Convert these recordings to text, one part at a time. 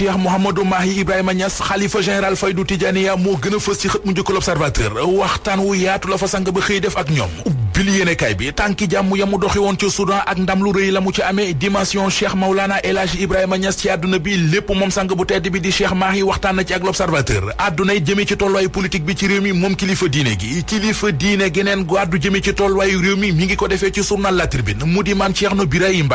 Cheikh Mouhamadou Mahi Ibrahima Niass xalifa général Faydu Tijaniya moo gën a fës ci xët mu njëkk waxtaan wu yaatu la fa sang ba xëy def ak ñoom tribune yéenekaay bi tànki jàmm ya mu doxi woon ca Soudan ak ndam lu rëy la mu ci amee dimension Cheikh Maulana El Hadji Ibrahima Niass ci àdduna bi lépp moom sang bu tedd bi di Cheikh Mahi waxtaan na ci ak l'observateur àddunay jëmee ci tolluwaayu politique bi ci réew mi moom kilifa diine gi kilifa diine geneen gu àddu jëmee ci tolluwaayu réew mi mi ngi ko defee ci journal La Tribune mu di maam Cheikhno Birahim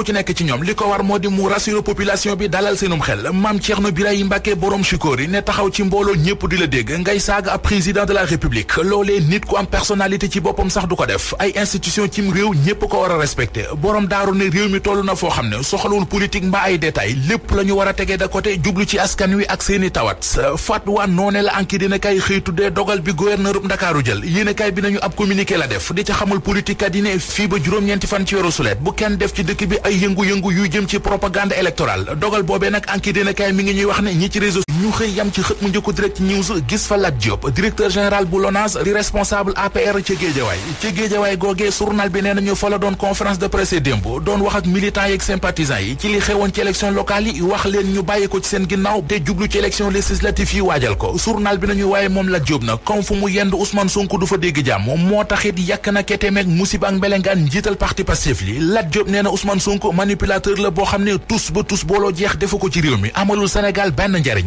ci nekk ci ñoom li ko war moo di mu bi dalal ñëpp di la dégg ngay saaga ab président de la république loolee nit ku am personalité ci boppam sax du ko def ay institution cim réew ñëpp ko war a respecté borom daaru ne réew mi toll na foo xam ne soxlawul politique mbaa ay détail lépp la ñu war a tegee de côté jublu ci askan wi ak seeni tawat fatwa noone la anki dina kay xëy tuddee dogal bi gouverneur bu ndakaaru jël yéene kay bi nañu ab communiqué la def di ca xamal politique kat yi ne ba juróom-ñeenti fan ci weeru sulet kenn def ci dëkk bi ay yëngu-yëngu yu jëm ci propagande électorale dogal boobee nag anki dina wax ne ñi ci réseau ñu xëy yam ci xët mu njëkk direct news gis fa Lat Diop directeur général bu LONASE di responsable APR ca Géejawaay ca Géejawaay googee journal bi nee nañu fa la doon conférence de presse démb doon wax ak militants yeeg sympathisants yi ci li xewoon ci élection locale yi wax leen ñu bàyyi ko ci seen ginnaaw te jublu ci élection législative yi waajal ko journal bi nañu waaye moom Lat Diop na comme fu mu yend Ousmane Sonko du fa dégg jàmm moo taxit yàkk na ketemeeg musiba ak mbelengaan njiital parti Pastef li Lat Diop nee na Ousmane Sonko manipulateur la boo xam ne tous ba tous jeex defu ko ci réew mi amalul Sénégal benn njariñ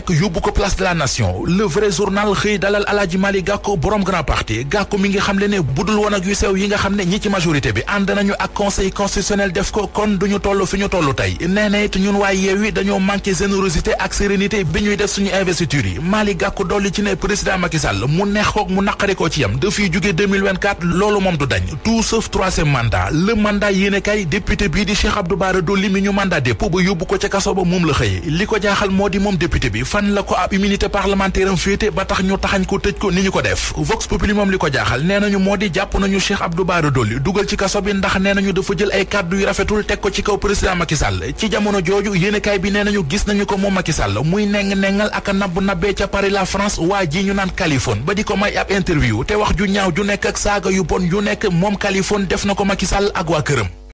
nekk yóbbu ko place de la nation le journal xëy dalal alaaji Mali Gàkko borom grand parti Gàkko mi ngi xam le ne budul woon ak yu sew yi nga xam ne ñi ci majorité bi ànd nañu ak conseil constitutionnel def ko kon duñu toll fi ñu toll tey nee na ñun waaye yeewi dañoo manqué générosité ak sérénité bi ñuy def suñu investiture yi Mali Gàkko dolli ci ne président Macky mu neex mu naqari ci yam dafiy jóge loolu moom du dañ tout sauf troisième bi fan la ko ab immunité parlementaire am féete ba tax ñu taxañ ko tëj ko ni ñu ko def vox populi moom li ko jaaxal nee nañu moo di jàpp nañu Cheikh Abdou Bara Dolly dugal ci kaso bi ndax nee nañu dafa jël ay kàddu yu rafetul teg ko ci kaw président Macky Sall ci jamono jooju yéenekaay bi ne nañu gis nañu ko moom Macky Sall muy neng-nengal ak a nabb nabbee ca Paris la France waa ji ñu naan Californie ba di ko may ab interview te wax ju ñaaw ju nekk ak saaga yu bon yu nekk moom Californie def na ko Macky Sall ak këram